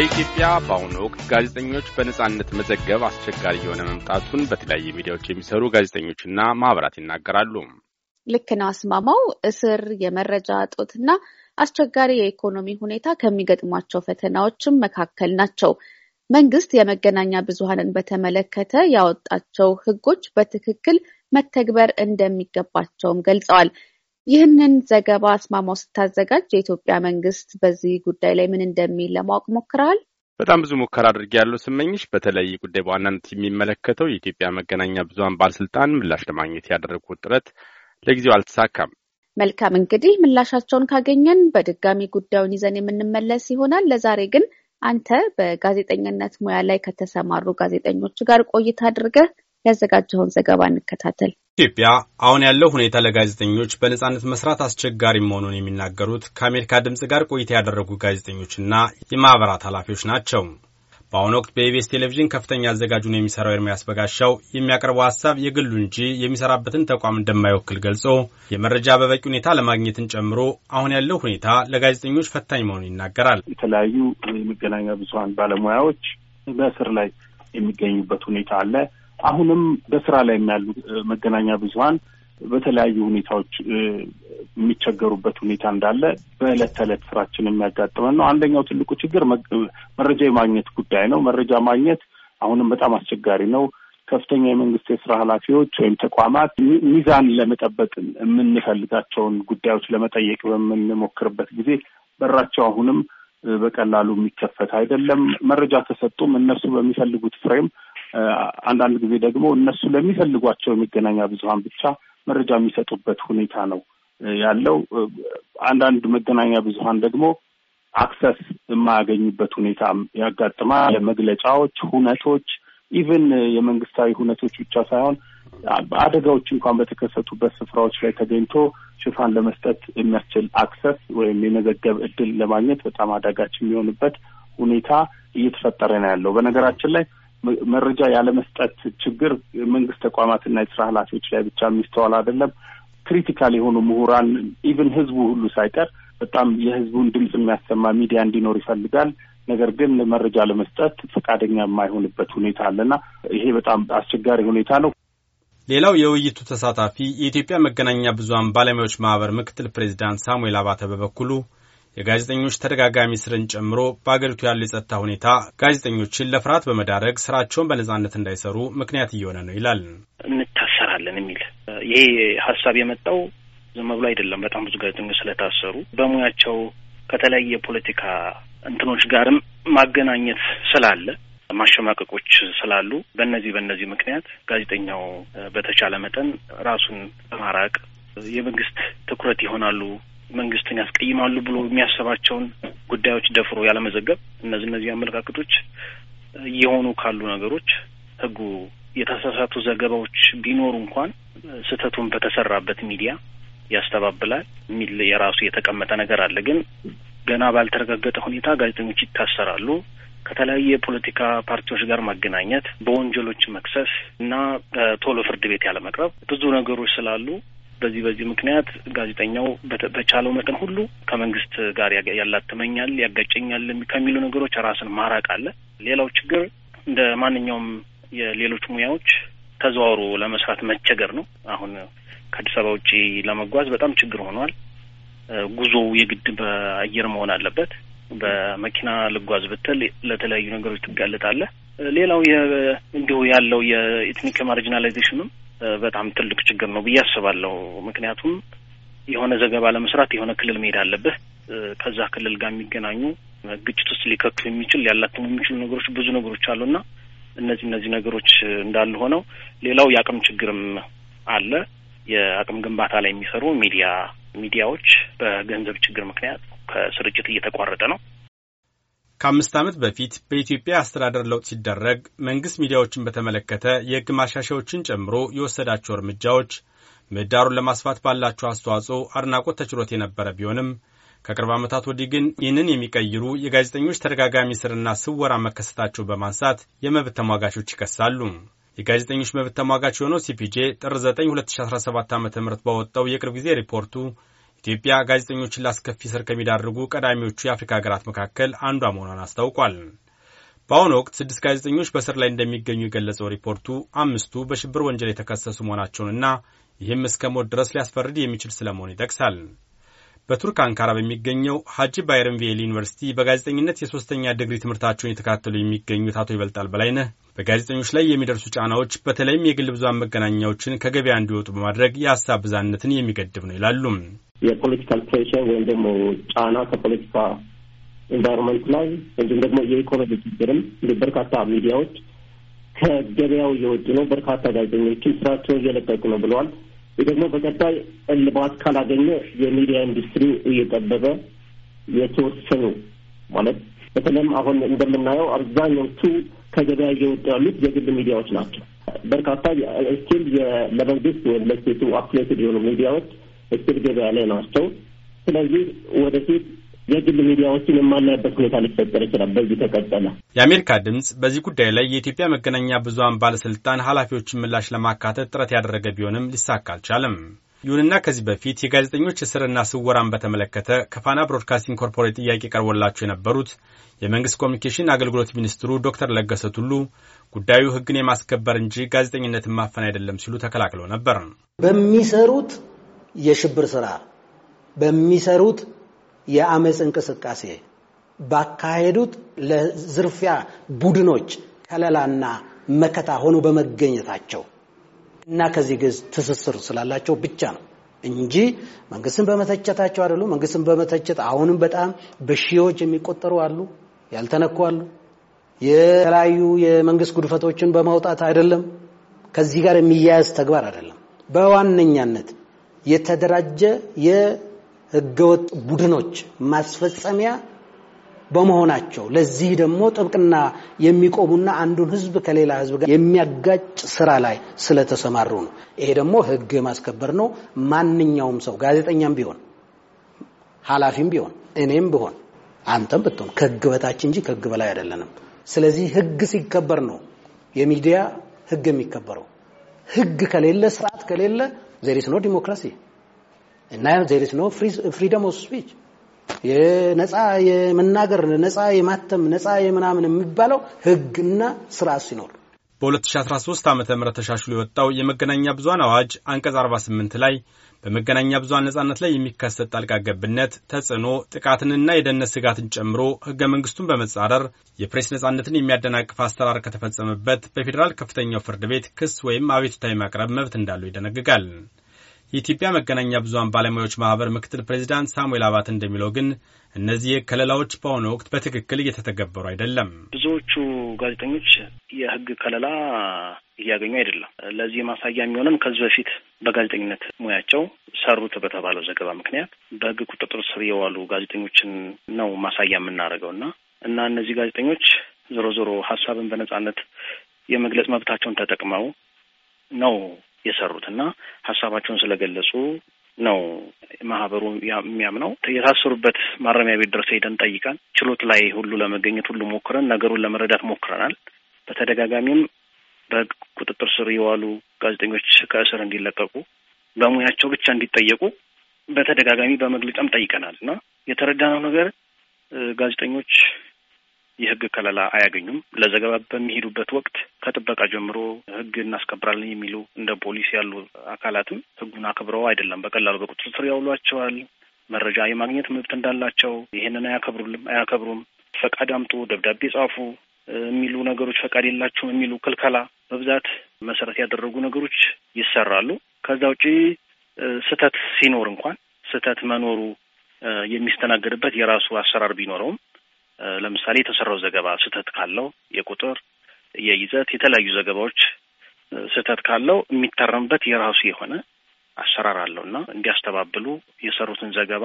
በኢትዮጵያ በአሁኑ ወቅት ጋዜጠኞች በነጻነት መዘገብ አስቸጋሪ የሆነ መምጣቱን በተለያየ ሚዲያዎች የሚሰሩ ጋዜጠኞችና ማህበራት ይናገራሉ። ልክ ነው አስማማው። እስር፣ የመረጃ እጦትና አስቸጋሪ የኢኮኖሚ ሁኔታ ከሚገጥሟቸው ፈተናዎችም መካከል ናቸው። መንግስት የመገናኛ ብዙሃንን በተመለከተ ያወጣቸው ህጎች በትክክል መተግበር እንደሚገባቸውም ገልጸዋል። ይህንን ዘገባ አስማማው ስታዘጋጅ የኢትዮጵያ መንግስት በዚህ ጉዳይ ላይ ምን እንደሚል ለማወቅ ሞክረሃል? በጣም ብዙ ሙከራ አድርጌ ያለው ስመኝሽ፣ በተለይ ጉዳይ በዋናነት የሚመለከተው የኢትዮጵያ መገናኛ ብዙሀን ባለስልጣን ምላሽ ለማግኘት ያደረጉት ጥረት ለጊዜው አልተሳካም። መልካም እንግዲህ ምላሻቸውን ካገኘን በድጋሚ ጉዳዩን ይዘን የምንመለስ ይሆናል። ለዛሬ ግን አንተ በጋዜጠኝነት ሙያ ላይ ከተሰማሩ ጋዜጠኞች ጋር ቆይታ አድርገህ ያዘጋጀውን ዘገባ እንከታተል። ኢትዮጵያ አሁን ያለው ሁኔታ ለጋዜጠኞች በነጻነት መስራት አስቸጋሪ መሆኑን የሚናገሩት ከአሜሪካ ድምፅ ጋር ቆይታ ያደረጉ ጋዜጠኞችና የማኅበራት ኃላፊዎች ናቸው። በአሁኑ ወቅት በኢቢኤስ ቴሌቪዥን ከፍተኛ አዘጋጅ ነው የሚሠራው ኤርሚያስ በጋሻው የሚያቀርበው ሀሳብ የግሉ እንጂ የሚሠራበትን ተቋም እንደማይወክል ገልጾ የመረጃ በበቂ ሁኔታ ለማግኘትን ጨምሮ አሁን ያለው ሁኔታ ለጋዜጠኞች ፈታኝ መሆኑን ይናገራል። የተለያዩ የመገናኛ ብዙኃን ባለሙያዎች በእስር ላይ የሚገኙበት ሁኔታ አለ። አሁንም በስራ ላይ ያሉት መገናኛ ብዙሀን በተለያዩ ሁኔታዎች የሚቸገሩበት ሁኔታ እንዳለ በዕለት ተዕለት ስራችን የሚያጋጥመን ነው። አንደኛው ትልቁ ችግር መረጃ የማግኘት ጉዳይ ነው። መረጃ ማግኘት አሁንም በጣም አስቸጋሪ ነው። ከፍተኛ የመንግስት የስራ ኃላፊዎች ወይም ተቋማት ሚዛን ለመጠበቅ የምንፈልጋቸውን ጉዳዮች ለመጠየቅ በምንሞክርበት ጊዜ በራቸው አሁንም በቀላሉ የሚከፈት አይደለም። መረጃ ተሰጡም እነሱ በሚፈልጉት ፍሬም አንዳንድ ጊዜ ደግሞ እነሱ ለሚፈልጓቸው የመገናኛ ብዙኃን ብቻ መረጃ የሚሰጡበት ሁኔታ ነው ያለው። አንዳንድ መገናኛ ብዙኃን ደግሞ አክሰስ የማያገኙበት ሁኔታ ያጋጥማል። መግለጫዎች፣ ሁነቶች ኢቨን የመንግስታዊ ሁነቶች ብቻ ሳይሆን አደጋዎች እንኳን በተከሰቱበት ስፍራዎች ላይ ተገኝቶ ሽፋን ለመስጠት የሚያስችል አክሰስ ወይም የመዘገብ እድል ለማግኘት በጣም አዳጋች የሚሆንበት ሁኔታ እየተፈጠረ ነው ያለው። በነገራችን ላይ መረጃ ያለመስጠት ችግር የመንግስት ተቋማትና የስራ ኃላፊዎች ላይ ብቻ የሚስተዋል አይደለም። ክሪቲካል የሆኑ ምሁራን ኢቭን ህዝቡ ሁሉ ሳይቀር በጣም የህዝቡን ድምፅ የሚያሰማ ሚዲያ እንዲኖር ይፈልጋል። ነገር ግን መረጃ ለመስጠት ፈቃደኛ የማይሆንበት ሁኔታ አለና ይሄ በጣም አስቸጋሪ ሁኔታ ነው። ሌላው የውይይቱ ተሳታፊ የኢትዮጵያ መገናኛ ብዙሀን ባለሙያዎች ማህበር ምክትል ፕሬዚዳንት ሳሙኤል አባተ በበኩሉ የጋዜጠኞች ተደጋጋሚ ስርን ጨምሮ በአገሪቱ ያለው የጸጥታ ሁኔታ ጋዜጠኞችን ለፍርሃት በመዳረግ ስራቸውን በነጻነት እንዳይሰሩ ምክንያት እየሆነ ነው ይላል። እንታሰራለን የሚል ይሄ ሀሳብ የመጣው ዝም ብሎ አይደለም። በጣም ብዙ ጋዜጠኞች ስለታሰሩ በሙያቸው ከተለያየ የፖለቲካ እንትኖች ጋርም ማገናኘት ስላለ ማሸማቀቆች ስላሉ በእነዚህ በእነዚህ ምክንያት ጋዜጠኛው በተቻለ መጠን ራሱን በማራቅ የመንግስት ትኩረት ይሆናሉ መንግስትን ያስቀይማሉ ብሎ የሚያስባቸውን ጉዳዮች ደፍሮ ያለመዘገብ እነዚህ እነዚህ አመለካከቶች እየሆኑ ካሉ ነገሮች ህጉ የተሳሳቱ ዘገባዎች ቢኖሩ እንኳን ስህተቱን በተሰራበት ሚዲያ ያስተባብላል የሚል የራሱ የተቀመጠ ነገር አለ። ግን ገና ባልተረጋገጠ ሁኔታ ጋዜጠኞች ይታሰራሉ። ከተለያዩ የፖለቲካ ፓርቲዎች ጋር ማገናኘት፣ በወንጀሎች መክሰስ እና ቶሎ ፍርድ ቤት ያለመቅረብ ብዙ ነገሮች ስላሉ በዚህ በዚህ ምክንያት ጋዜጠኛው በቻለው መጠን ሁሉ ከመንግስት ጋር ያላትመኛል፣ ያጋጨኛል ከሚሉ ነገሮች ራስን ማራቅ አለ። ሌላው ችግር እንደ ማንኛውም የሌሎች ሙያዎች ተዘዋውሮ ለመስራት መቸገር ነው። አሁን ከአዲስ አበባ ውጪ ለመጓዝ በጣም ችግር ሆኗል። ጉዞው የግድ በአየር መሆን አለበት። በመኪና ልጓዝ ብትል ለተለያዩ ነገሮች ትጋለጣለህ። ሌላው እንዲሁ ያለው የኢትኒክ ማርጂናላይዜሽንም በጣም ትልቅ ችግር ነው ብዬ አስባለሁ። ምክንያቱም የሆነ ዘገባ ለመስራት የሆነ ክልል መሄድ አለብህ። ከዛ ክልል ጋር የሚገናኙ ግጭት ውስጥ ሊከቱ የሚችል ሊያላትሙ የሚችሉ ነገሮች ብዙ ነገሮች አሉና እነዚህ እነዚህ ነገሮች እንዳሉ ሆነው ሌላው የአቅም ችግርም አለ። የአቅም ግንባታ ላይ የሚሰሩ ሚዲያ ሚዲያዎች በገንዘብ ችግር ምክንያት ከስርጭት እየተቋረጠ ነው። ከአምስት ዓመት በፊት በኢትዮጵያ አስተዳደር ለውጥ ሲደረግ መንግሥት ሚዲያዎችን በተመለከተ የሕግ ማሻሻዎችን ጨምሮ የወሰዳቸው እርምጃዎች ምህዳሩን ለማስፋት ባላቸው አስተዋጽኦ አድናቆት ተችሎት የነበረ ቢሆንም ከቅርብ ዓመታት ወዲህ ግን ይህንን የሚቀይሩ የጋዜጠኞች ተደጋጋሚ ስርና ስወራ መከሰታቸው በማንሳት የመብት ተሟጋቾች ይከሳሉ። የጋዜጠኞች መብት ተሟጋች የሆነው ሲፒጄ ጥር 9 2017 ዓ ም ባወጣው የቅርብ ጊዜ ሪፖርቱ ኢትዮጵያ ጋዜጠኞችን ላስከፊ ስር ከሚዳርጉ ቀዳሚዎቹ የአፍሪካ ሀገራት መካከል አንዷ መሆኗን አስታውቋል። በአሁኑ ወቅት ስድስት ጋዜጠኞች በስር ላይ እንደሚገኙ የገለጸው ሪፖርቱ አምስቱ በሽብር ወንጀል የተከሰሱ መሆናቸውንና ይህም እስከ ሞት ድረስ ሊያስፈርድ የሚችል ስለመሆኑ ይጠቅሳል። በቱርክ አንካራ በሚገኘው ሀጂ ቪኤል ዩኒቨርሲቲ በጋዜጠኝነት የሶስተኛ ዲግሪ ትምህርታቸውን የተካተሉ የሚገኙት አቶ ይበልጣል በላይነህ በጋዜጠኞች ላይ የሚደርሱ ጫናዎች በተለይም የግል ብዙሃን መገናኛዎችን ከገበያ እንዲወጡ በማድረግ የሀሳብ ብዛነትን የሚገድብ ነው ይላሉ። የፖለቲካል ፕሬሽር ወይም ደግሞ ጫና ከፖለቲካ ኢንቫይሮንመንት ላይ እንዲሁም ደግሞ የኢኮኖሚ ችግርም በርካታ ሚዲያዎች ከገበያው እየወጡ ነው፣ በርካታ ጋዜጠኞችም ስራቸውን እየለቀቁ ነው ብለዋል። ይህ ደግሞ በቀጣይ እልባት ካላገኘ የሚዲያ ኢንዱስትሪ እየጠበበ የተወሰኑ ማለት በተለይም አሁን እንደምናየው አብዛኞቹ ከገበያ እየወጡ ያሉት የግል ሚዲያዎች ናቸው። በርካታ ስቲል ለመንግስት ወይም ለሴቱ አፕሌትድ የሆኑ ሚዲያዎች ስቲል ገበያ ላይ ናቸው። ስለዚህ ወደፊት የግል ሚዲያዎችን የማናይበት ሁኔታ ሊፈጠር ይችላል። በዚህ ተቀጠለ። የአሜሪካ ድምፅ በዚህ ጉዳይ ላይ የኢትዮጵያ መገናኛ ብዙሀን ባለስልጣን ኃላፊዎችን ምላሽ ለማካተት ጥረት ያደረገ ቢሆንም ሊሳካ አልቻለም። ይሁንና ከዚህ በፊት የጋዜጠኞች እስርና ስወራን በተመለከተ ከፋና ብሮድካስቲንግ ኮርፖሬት ጥያቄ ቀርቦላቸው የነበሩት የመንግስት ኮሚኒኬሽን አገልግሎት ሚኒስትሩ ዶክተር ለገሰ ቱሉ ጉዳዩ ሕግን የማስከበር እንጂ ጋዜጠኝነትን ማፈን አይደለም ሲሉ ተከላክለው ነበር። በሚሰሩት የሽብር ስራ በሚሰሩት የአመፅ እንቅስቃሴ ባካሄዱት ለዝርፊያ ቡድኖች ከለላና መከታ ሆኖ በመገኘታቸው እና ከዚህ ግዝ ትስስር ስላላቸው ብቻ ነው እንጂ መንግስትን በመተቸታቸው አይደሉ። መንግስትን በመተቸት አሁንም በጣም በሺዎች የሚቆጠሩ አሉ፣ ያልተነኩ አሉ። የተለያዩ የመንግስት ጉድፈቶችን በማውጣት አይደለም፣ ከዚህ ጋር የሚያያዝ ተግባር አይደለም። በዋነኛነት የተደራጀ ህገወጥ ቡድኖች ማስፈጸሚያ በመሆናቸው ለዚህ ደግሞ ጥብቅና የሚቆሙና አንዱን ህዝብ ከሌላ ህዝብ ጋር የሚያጋጭ ስራ ላይ ስለተሰማሩ ነው። ይሄ ደግሞ ህግ የማስከበር ነው። ማንኛውም ሰው ጋዜጠኛም ቢሆን ኃላፊም ቢሆን እኔም ብሆን አንተም ብትሆን ከህግ በታች እንጂ ከህግ በላይ አይደለንም። ስለዚህ ህግ ሲከበር ነው የሚዲያ ህግ የሚከበረው። ህግ ከሌለ ስርዓት ከሌለ ዘሪስ ነው ዲሞክራሲ እና ዜር ኢዝ ኖ ፍሪደም ኦፍ ስፒች የነፃ የመናገር ነፃ የማተም ነፃ የምናምን የሚባለው ህግና ስርዓት ሲኖር በ2013 ዓ ም ተሻሽሎ የወጣው የመገናኛ ብዙሀን አዋጅ አንቀጽ 48 ላይ በመገናኛ ብዙሀን ነጻነት ላይ የሚከሰት ጣልቃ ገብነት፣ ተጽዕኖ፣ ጥቃትንና የደህንነት ስጋትን ጨምሮ ህገ መንግስቱን በመጻረር የፕሬስ ነጻነትን የሚያደናቅፍ አሰራር ከተፈጸመበት በፌዴራል ከፍተኛው ፍርድ ቤት ክስ ወይም አቤቱታ የማቅረብ መብት እንዳለው ይደነግጋል። የኢትዮጵያ መገናኛ ብዙሀን ባለሙያዎች ማህበር ምክትል ፕሬዚዳንት ሳሙኤል አባት እንደሚለው ግን እነዚህ ከለላዎች በአሁኑ ወቅት በትክክል እየተተገበሩ አይደለም። ብዙዎቹ ጋዜጠኞች የህግ ከለላ እያገኙ አይደለም። ለዚህ ማሳያ የሚሆንም ከዚህ በፊት በጋዜጠኝነት ሙያቸው ሰሩት በተባለው ዘገባ ምክንያት በህግ ቁጥጥር ስር የዋሉ ጋዜጠኞችን ነው ማሳያ የምናደርገው እና እና እነዚህ ጋዜጠኞች ዞሮ ዞሮ ሀሳብን በነጻነት የመግለጽ መብታቸውን ተጠቅመው ነው የሰሩት እና ሀሳባቸውን ስለገለጹ ነው ማህበሩ የሚያምነው። የታሰሩበት ማረሚያ ቤት ድረስ ሄደን ጠይቀን ችሎት ላይ ሁሉ ለመገኘት ሁሉ ሞክረን ነገሩን ለመረዳት ሞክረናል። በተደጋጋሚም በቁጥጥር ቁጥጥር ስር የዋሉ ጋዜጠኞች ከእስር እንዲለቀቁ በሙያቸው ብቻ እንዲጠየቁ በተደጋጋሚ በመግለጫም ጠይቀናል እና የተረዳነው ነገር ጋዜጠኞች የህግ ከለላ አያገኙም። ለዘገባ በሚሄዱበት ወቅት ከጥበቃ ጀምሮ ህግ እናስከብራለን የሚሉ እንደ ፖሊስ ያሉ አካላትም ህጉን አክብረው አይደለም በቀላሉ በቁጥጥር ስር ያውሏቸዋል። መረጃ የማግኘት መብት እንዳላቸው ይህንን አያከብሩልም አያከብሩም። ፈቃድ አምጡ፣ ደብዳቤ ጻፉ የሚሉ ነገሮች ፈቃድ የላችሁም የሚሉ ክልከላ በብዛት መሰረት ያደረጉ ነገሮች ይሰራሉ። ከዛ ውጪ ስህተት ሲኖር እንኳን ስህተት መኖሩ የሚስተናገድበት የራሱ አሰራር ቢኖረውም ለምሳሌ የተሰራው ዘገባ ስህተት ካለው የቁጥር የይዘት የተለያዩ ዘገባዎች ስህተት ካለው የሚታረምበት የራሱ የሆነ አሰራር አለው እና እንዲያስተባብሉ የሰሩትን ዘገባ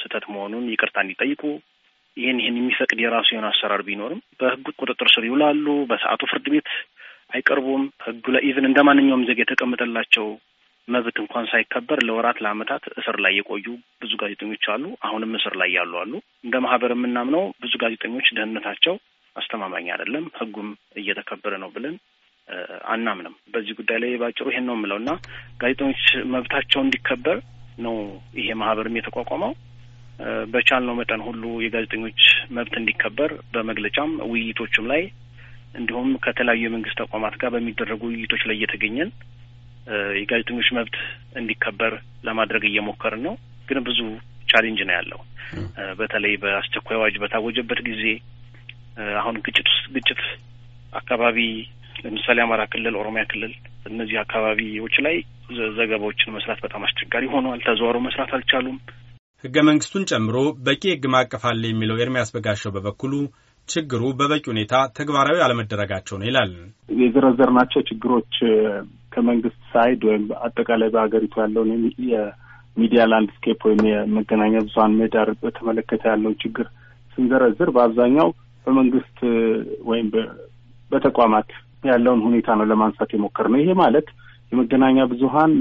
ስህተት መሆኑን ይቅርታ እንዲጠይቁ ይህን ይህን የሚፈቅድ የራሱ የሆነ አሰራር ቢኖርም በህጉ ቁጥጥር ስር ይውላሉ። በሰዓቱ ፍርድ ቤት አይቀርቡም። ህጉ ላይ ኢቭን እንደ ማንኛውም ዜጋ የተቀመጠላቸው መብት እንኳን ሳይከበር ለወራት ለአመታት እስር ላይ የቆዩ ብዙ ጋዜጠኞች አሉ። አሁንም እስር ላይ ያሉ አሉ። እንደ ማህበር የምናምነው ብዙ ጋዜጠኞች ደህንነታቸው አስተማማኝ አይደለም፣ ህጉም እየተከበረ ነው ብለን አናምንም። በዚህ ጉዳይ ላይ ባጭሩ ይሄን ነው የምለው እና ጋዜጠኞች መብታቸው እንዲከበር ነው ይሄ ማህበርም የተቋቋመው። በቻልነው መጠን ሁሉ የጋዜጠኞች መብት እንዲከበር በመግለጫም ውይይቶችም ላይ እንዲሁም ከተለያዩ የመንግስት ተቋማት ጋር በሚደረጉ ውይይቶች ላይ እየተገኘን የጋዜጠኞች መብት እንዲከበር ለማድረግ እየሞከርን ነው። ግን ብዙ ቻሌንጅ ነው ያለው። በተለይ በአስቸኳይ አዋጅ በታወጀበት ጊዜ አሁን ግጭት ውስጥ ግጭት አካባቢ ለምሳሌ አማራ ክልል፣ ኦሮሚያ ክልል እነዚህ አካባቢዎች ላይ ዘገባዎችን መስራት በጣም አስቸጋሪ ሆኗል። ተዘዋሮ መስራት አልቻሉም። ህገ መንግስቱን ጨምሮ በቂ ህግ ማዕቀፍ አለ የሚለው ኤርሚያስ በጋሻው በበኩሉ ችግሩ በበቂ ሁኔታ ተግባራዊ አለመደረጋቸው ነው ይላል። የዘረዘርናቸው ችግሮች ከመንግስት ሳይድ ወይም አጠቃላይ በሀገሪቱ ያለውን የሚዲያ ላንድስኬፕ ወይም የመገናኛ ብዙሀን ምህዳር በተመለከተ ያለውን ችግር ስንዘረዝር በአብዛኛው በመንግስት ወይም በተቋማት ያለውን ሁኔታ ነው ለማንሳት የሞከር ነው። ይሄ ማለት የመገናኛ ብዙሀን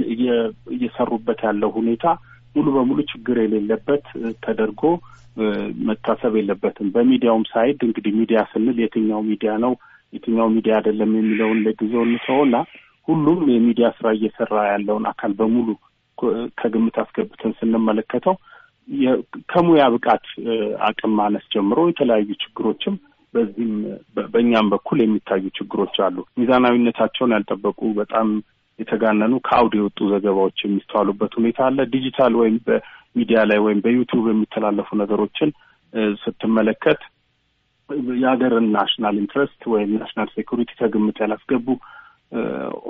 እየሰሩበት ያለው ሁኔታ ሙሉ በሙሉ ችግር የሌለበት ተደርጎ መታሰብ የለበትም። በሚዲያውም ሳይድ እንግዲህ ሚዲያ ስንል የትኛው ሚዲያ ነው የትኛው ሚዲያ አይደለም የሚለውን ለጊዜው እንተውና ሁሉም የሚዲያ ስራ እየሰራ ያለውን አካል በሙሉ ከግምት አስገብተን ስንመለከተው ከሙያ ብቃት አቅም ማነስ ጀምሮ የተለያዩ ችግሮችም በዚህም በእኛም በኩል የሚታዩ ችግሮች አሉ። ሚዛናዊነታቸውን ያልጠበቁ በጣም የተጋነኑ ከአውድ የወጡ ዘገባዎች የሚስተዋሉበት ሁኔታ አለ። ዲጂታል ወይም በሚዲያ ላይ ወይም በዩቱብ የሚተላለፉ ነገሮችን ስትመለከት የሀገርን ናሽናል ኢንትረስት ወይም ናሽናል ሴኩሪቲ ከግምት ያላስገቡ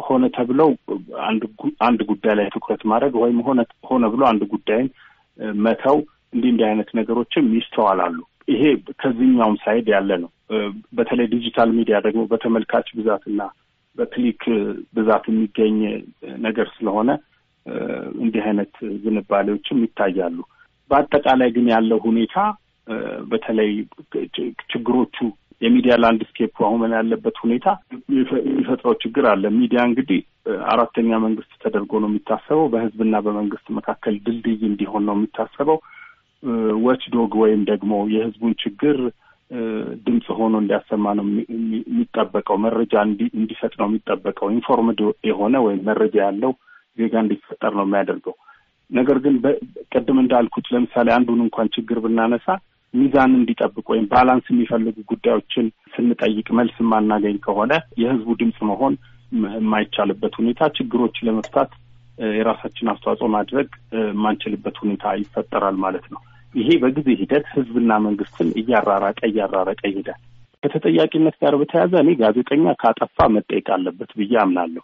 ሆነ ተብለው አንድ ጉዳይ ላይ ትኩረት ማድረግ ወይም ሆነ ብሎ አንድ ጉዳይን መተው እንዲህ እንዲህ አይነት ነገሮችም ይስተዋላሉ። ይሄ ከዚህኛውም ሳይድ ያለ ነው። በተለይ ዲጂታል ሚዲያ ደግሞ በተመልካች ብዛትና በክሊክ ብዛት የሚገኝ ነገር ስለሆነ እንዲህ አይነት ዝንባሌዎችም ይታያሉ። በአጠቃላይ ግን ያለው ሁኔታ በተለይ ችግሮቹ የሚዲያ ላንድስኬፕ አሁን ያለበት ሁኔታ የሚፈጥረው ችግር አለ። ሚዲያ እንግዲህ አራተኛ መንግስት ተደርጎ ነው የሚታሰበው። በህዝብና በመንግስት መካከል ድልድይ እንዲሆን ነው የሚታሰበው። ወች ዶግ ወይም ደግሞ የህዝቡን ችግር ድምፅ ሆኖ እንዲያሰማ ነው የሚጠበቀው። መረጃ እንዲሰጥ ነው የሚጠበቀው። ኢንፎርምድ የሆነ ወይም መረጃ ያለው ዜጋ እንዲፈጠር ነው የሚያደርገው። ነገር ግን ቅድም እንዳልኩት ለምሳሌ አንዱን እንኳን ችግር ብናነሳ ሚዛን እንዲጠብቅ ወይም ባላንስ የሚፈልጉ ጉዳዮችን ስንጠይቅ መልስ የማናገኝ ከሆነ የህዝቡ ድምፅ መሆን የማይቻልበት ሁኔታ፣ ችግሮች ለመፍታት የራሳችን አስተዋጽኦ ማድረግ የማንችልበት ሁኔታ ይፈጠራል ማለት ነው። ይሄ በጊዜ ሂደት ህዝብና መንግስትን እያራራቀ እያራረቀ ይሄዳል። ከተጠያቂነት ጋር በተያያዘ እኔ ጋዜጠኛ ካጠፋ መጠየቅ አለበት ብዬ አምናለሁ።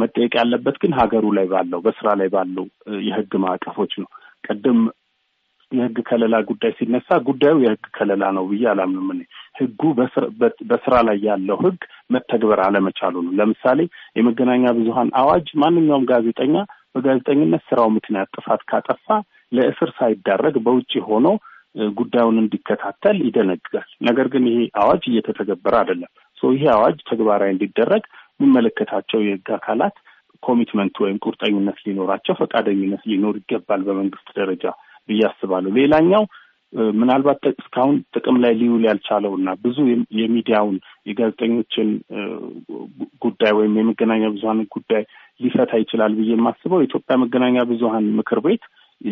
መጠየቅ ያለበት ግን ሀገሩ ላይ ባለው በስራ ላይ ባለው የህግ ማዕቀፎች ነው። ቀደም የህግ ከለላ ጉዳይ ሲነሳ ጉዳዩ የህግ ከለላ ነው ብዬ አላምንም። እኔ ህጉ በስራ ላይ ያለው ህግ መተግበር አለመቻሉ ነው። ለምሳሌ የመገናኛ ብዙሀን አዋጅ ማንኛውም ጋዜጠኛ በጋዜጠኝነት ስራው ምክንያት ጥፋት ካጠፋ ለእስር ሳይዳረግ በውጭ ሆኖ ጉዳዩን እንዲከታተል ይደነግጋል። ነገር ግን ይሄ አዋጅ እየተተገበረ አይደለም። ይሄ አዋጅ ተግባራዊ እንዲደረግ የሚመለከታቸው የህግ አካላት ኮሚትመንት ወይም ቁርጠኝነት ሊኖራቸው፣ ፈቃደኝነት ሊኖር ይገባል በመንግስት ደረጃ ብዬ አስባለሁ። ሌላኛው ምናልባት እስካሁን ጥቅም ላይ ሊውል ያልቻለው እና ብዙ የሚዲያውን የጋዜጠኞችን ጉዳይ ወይም የመገናኛ ብዙሀን ጉዳይ ሊፈታ ይችላል ብዬ የማስበው የኢትዮጵያ መገናኛ ብዙሀን ምክር ቤት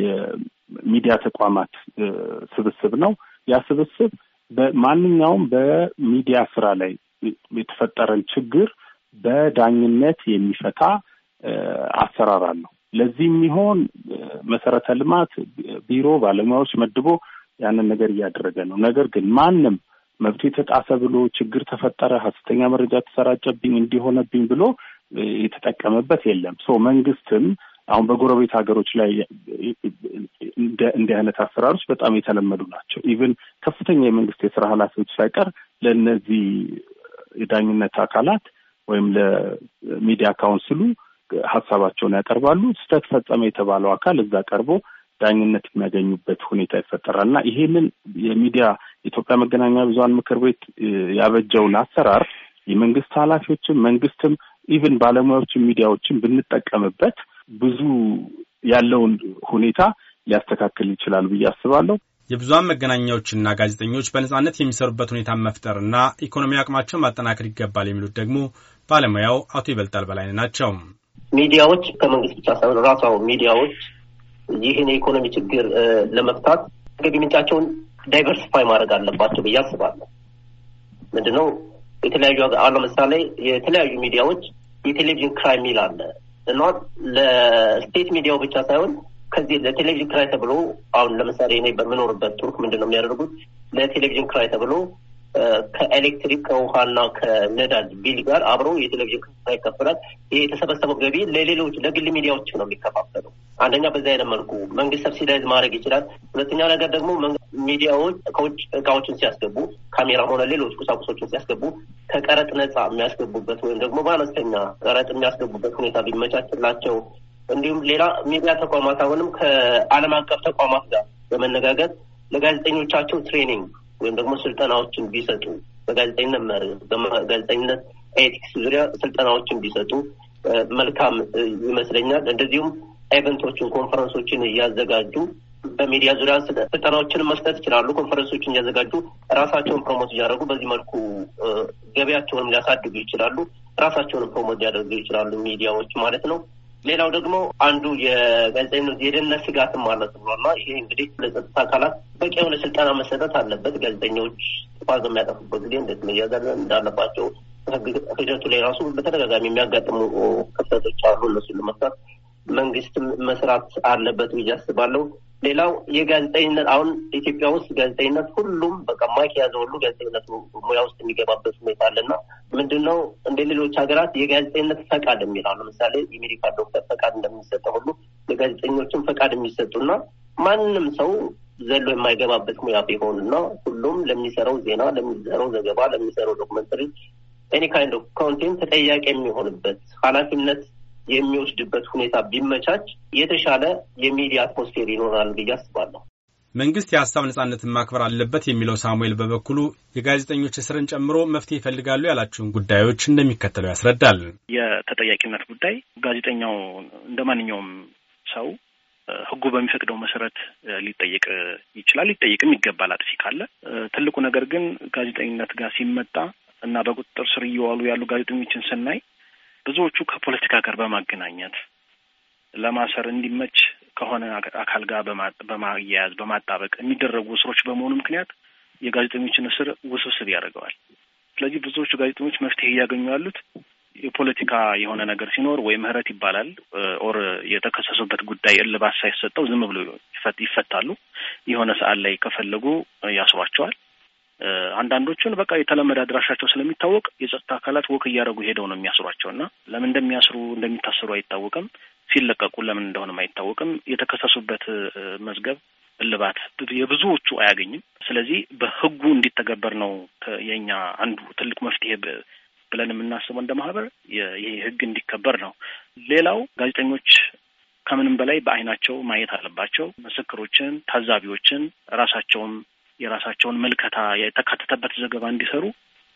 የሚዲያ ተቋማት ስብስብ ነው። ያ ስብስብ በማንኛውም በሚዲያ ስራ ላይ የተፈጠረን ችግር በዳኝነት የሚፈታ አሰራር አለው። ለዚህ የሚሆን መሰረተ ልማት ቢሮ ባለሙያዎች መድቦ ያንን ነገር እያደረገ ነው። ነገር ግን ማንም መብት የተጣሰ ብሎ ችግር ተፈጠረ፣ ሀሰተኛ መረጃ ተሰራጨብኝ፣ እንዲሆነብኝ ብሎ የተጠቀመበት የለም። ሶ መንግስትም አሁን በጎረቤት ሀገሮች ላይ እንዲህ አይነት አሰራሮች በጣም የተለመዱ ናቸው። ኢቨን ከፍተኛ የመንግስት የስራ ኃላፊዎች ሳይቀር ለእነዚህ የዳኝነት አካላት ወይም ለሚዲያ ካውንስሉ ሀሳባቸውን ያቀርባሉ። ስህተት ፈጸመ የተባለው አካል እዛ ቀርቦ ዳኝነት የሚያገኙበት ሁኔታ ይፈጠራል እና ይሄንን የሚዲያ የኢትዮጵያ መገናኛ ብዙሀን ምክር ቤት ያበጀውን አሰራር የመንግስት ኃላፊዎችም መንግስትም ኢቭን ባለሙያዎችን ሚዲያዎችን ብንጠቀምበት ብዙ ያለውን ሁኔታ ሊያስተካክል ይችላል ብዬ አስባለሁ። የብዙሀን መገናኛዎችና ጋዜጠኞች በነጻነት የሚሰሩበት ሁኔታ መፍጠርና ኢኮኖሚ አቅማቸውን ማጠናከር ይገባል የሚሉት ደግሞ ባለሙያው አቶ ይበልጣል በላይ ናቸው። ሚዲያዎች ከመንግስት ብቻ ሳይሆን ራሷ ሚዲያዎች ይህን የኢኮኖሚ ችግር ለመፍታት ገቢ ምንጫቸውን ዳይቨርሲፋይ ማድረግ አለባቸው ብዬ አስባለሁ። ምንድነው የተለያዩ አሁን ለምሳሌ የተለያዩ ሚዲያዎች የቴሌቪዥን ክራይ የሚል አለ እና ለስቴት ሚዲያው ብቻ ሳይሆን ከዚህ ለቴሌቪዥን ክራይ ተብሎ አሁን ለምሳሌ እኔ በምኖርበት ቱርክ ምንድን ነው የሚያደርጉት ለቴሌቪዥን ክራይ ተብሎ ከኤሌክትሪክ ከውሃና ከነዳጅ ቢል ጋር አብሮ የቴሌቪዥን ክፍያ ይከፈላል። ይህ የተሰበሰበው ገቢ ለሌሎች ለግል ሚዲያዎች ነው የሚከፋፈለው። አንደኛ በዛ አይነት መልኩ መንግስት ሰብሲዳይዝ ማድረግ ይችላል። ሁለተኛ ነገር ደግሞ ሚዲያዎች ከውጭ እቃዎችን ሲያስገቡ ካሜራ ሆነ ሌሎች ቁሳቁሶችን ሲያስገቡ ከቀረጥ ነጻ የሚያስገቡበት ወይም ደግሞ በአነስተኛ ቀረጥ የሚያስገቡበት ሁኔታ ቢመቻችላቸው እንዲሁም ሌላ ሚዲያ ተቋማት አሁንም ከዓለም አቀፍ ተቋማት ጋር በመነጋገር ለጋዜጠኞቻቸው ትሬኒንግ ወይም ደግሞ ስልጠናዎችን ቢሰጡ በጋዜጠኝነት ኤቲክስ ዙሪያ ስልጠናዎችን ቢሰጡ መልካም ይመስለኛል። እንደዚሁም ኤቨንቶችን፣ ኮንፈረንሶችን እያዘጋጁ በሚዲያ ዙሪያ ስልጠናዎችን መስጠት ይችላሉ። ኮንፈረንሶችን እያዘጋጁ ራሳቸውን ፕሮሞት እያደረጉ በዚህ መልኩ ገበያቸውንም ሊያሳድጉ ይችላሉ። ራሳቸውንም ፕሮሞት ሊያደርጉ ይችላሉ ሚዲያዎች ማለት ነው። ሌላው ደግሞ አንዱ የጋዜጠኝነት የደህንነት ስጋትም ማለት ነው እና ይሄ እንግዲህ ለጸጥታ አካላት በቂ የሆነ ስልጠና መሰጠት አለበት። ጋዜጠኞች ጥፋት በሚያጠፉበት ጊዜ እንዴት መያዝ እንዳለባቸው ሂደቱ ላይ ራሱ በተደጋጋሚ የሚያጋጥሙ ክፍተቶች አሉ። እነሱን ለመፍታት መንግስትም መስራት አለበት ብዬ አስባለሁ። ሌላው የጋዜጠኝነት አሁን ኢትዮጵያ ውስጥ ጋዜጠኝነት ሁሉም በቃ ማይክ የያዘ ሁሉ ጋዜጠኝነት ሙያ ውስጥ የሚገባበት ሁኔታ አለና ምንድን ነው እንደ ሌሎች ሀገራት የጋዜጠኝነት ፈቃድ የሚል ለምሳሌ የሜዲካል ዶክተር ፈቃድ እንደሚሰጠው ሁሉ ለጋዜጠኞችም ፈቃድ የሚሰጡና ማንም ሰው ዘሎ የማይገባበት ሙያ ቢሆን እና ሁሉም ለሚሰራው ዜና፣ ለሚሰራው ዘገባ፣ ለሚሰራው ዶክመንተሪ ኤኒ ካይንድ ኦፍ ኮንቴንት ተጠያቂ የሚሆንበት ኃላፊነት የሚወስድበት ሁኔታ ቢመቻች የተሻለ የሚዲያ አትሞስፌር ይኖራል ብዬ አስባለሁ። መንግስት የሀሳብ ነጻነትን ማክበር አለበት የሚለው ሳሙኤል በበኩሉ የጋዜጠኞች እስርን ጨምሮ መፍትሄ ይፈልጋሉ ያላቸውን ጉዳዮች እንደሚከተለው ያስረዳል። የተጠያቂነት ጉዳይ ጋዜጠኛው እንደ ማንኛውም ሰው ህጉ በሚፈቅደው መሰረት ሊጠየቅ ይችላል፣ ሊጠየቅም ይገባል አጥፊ ካለ። ትልቁ ነገር ግን ጋዜጠኝነት ጋር ሲመጣ እና በቁጥጥር ስር እየዋሉ ያሉ ጋዜጠኞችን ስናይ ብዙዎቹ ከፖለቲካ ጋር በማገናኘት ለማሰር እንዲመች ከሆነ አካል ጋር በማያያዝ በማጣበቅ የሚደረጉ እስሮች በመሆኑ ምክንያት የጋዜጠኞችን እስር ውስብስብ ያደርገዋል። ስለዚህ ብዙዎቹ ጋዜጠኞች መፍትሄ እያገኙ ያሉት የፖለቲካ የሆነ ነገር ሲኖር ወይ ምህረት ይባላል ኦር የተከሰሱበት ጉዳይ እልባት ሳይሰጠው ዝም ብሎ ይፈታሉ። የሆነ ሰዓት ላይ ከፈለጉ ያስሯቸዋል። አንዳንዶቹን በቃ የተለመደ አድራሻቸው ስለሚታወቅ የጸጥታ አካላት ወክ እያደረጉ ሄደው ነው የሚያስሯቸው እና ለምን እንደሚያስሩ እንደሚታሰሩ አይታወቅም። ሲለቀቁ ለምን እንደሆነም አይታወቅም። የተከሰሱበት መዝገብ እልባት የብዙዎቹ አያገኝም። ስለዚህ በህጉ እንዲተገበር ነው የእኛ አንዱ ትልቅ መፍትሄ ብለን የምናስበው እንደ ማህበር ይሄ ህግ እንዲከበር ነው። ሌላው ጋዜጠኞች ከምንም በላይ በአይናቸው ማየት አለባቸው። ምስክሮችን፣ ታዛቢዎችን ራሳቸውም የራሳቸውን መልከታ የተካተተበት ዘገባ እንዲሰሩ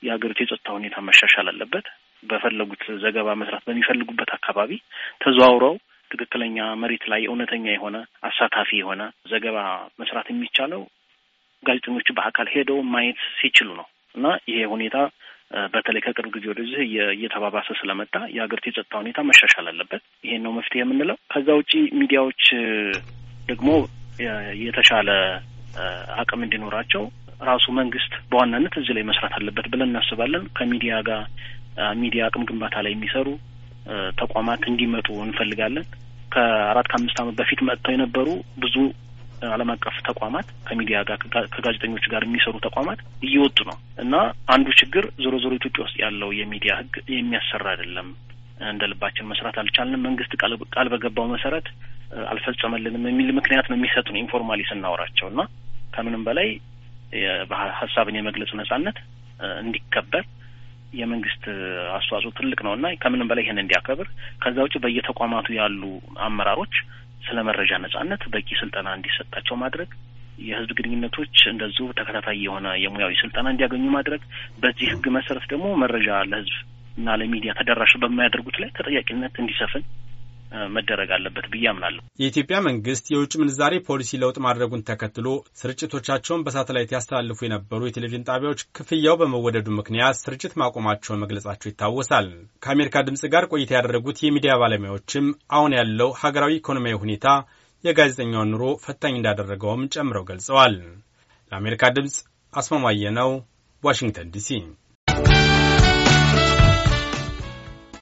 የሀገሪቱ የጸጥታ ሁኔታ መሻሻል አለበት። በፈለጉት ዘገባ መስራት በሚፈልጉበት አካባቢ ተዘዋውረው ትክክለኛ መሬት ላይ እውነተኛ የሆነ አሳታፊ የሆነ ዘገባ መስራት የሚቻለው ጋዜጠኞቹ በአካል ሄደው ማየት ሲችሉ ነው እና ይሄ ሁኔታ በተለይ ከቅርብ ጊዜ ወደዚህ እየተባባሰ ስለመጣ የሀገሪቱ የጸጥታ ሁኔታ መሻሻል አለበት። ይሄን ነው መፍትሄ የምንለው። ከዛ ውጪ ሚዲያዎች ደግሞ የተሻለ አቅም እንዲኖራቸው ራሱ መንግስት በዋናነት እዚህ ላይ መስራት አለበት ብለን እናስባለን። ከሚዲያ ጋር ሚዲያ አቅም ግንባታ ላይ የሚሰሩ ተቋማት እንዲመጡ እንፈልጋለን። ከአራት ከአምስት ዓመት በፊት መጥተው የነበሩ ብዙ ዓለም አቀፍ ተቋማት ከሚዲያ ጋር ከጋዜጠኞች ጋር የሚሰሩ ተቋማት እየወጡ ነው እና አንዱ ችግር ዞሮ ዞሮ ኢትዮጵያ ውስጥ ያለው የሚዲያ ህግ የሚያሰራ አይደለም። እንደ ልባችን መስራት አልቻልንም፣ መንግስት ቃል በገባው መሰረት አልፈጸመልንም የሚል ምክንያት ነው የሚሰጡን ኢንፎርማሊ ስናወራቸው እና ከምንም በላይ ሀሳብን የመግለጽ ነጻነት እንዲከበር የመንግስት አስተዋጽኦ ትልቅ ነው እና ከምንም በላይ ይህን እንዲያከብር ከዛ ውጭ በየተቋማቱ ያሉ አመራሮች ስለ መረጃ ነጻነት በቂ ስልጠና እንዲሰጣቸው ማድረግ የህዝብ ግንኙነቶች እንደዚሁ ተከታታይ የሆነ የሙያዊ ስልጠና እንዲያገኙ ማድረግ፣ በዚህ ህግ መሰረት ደግሞ መረጃ ለህዝብ እና ለሚዲያ ተደራሽ በማያደርጉት ላይ ተጠያቂነት እንዲሰፍን መደረግ አለበት ብዬ አምናለሁ። የኢትዮጵያ መንግስት የውጭ ምንዛሬ ፖሊሲ ለውጥ ማድረጉን ተከትሎ ስርጭቶቻቸውን በሳተላይት ያስተላልፉ የነበሩ የቴሌቪዥን ጣቢያዎች ክፍያው በመወደዱ ምክንያት ስርጭት ማቆማቸውን መግለጻቸው ይታወሳል። ከአሜሪካ ድምፅ ጋር ቆይታ ያደረጉት የሚዲያ ባለሙያዎችም አሁን ያለው ሀገራዊ ኢኮኖሚያዊ ሁኔታ የጋዜጠኛውን ኑሮ ፈታኝ እንዳደረገውም ጨምረው ገልጸዋል። ለአሜሪካ ድምፅ አስማማየ ነው፣ ዋሽንግተን ዲሲ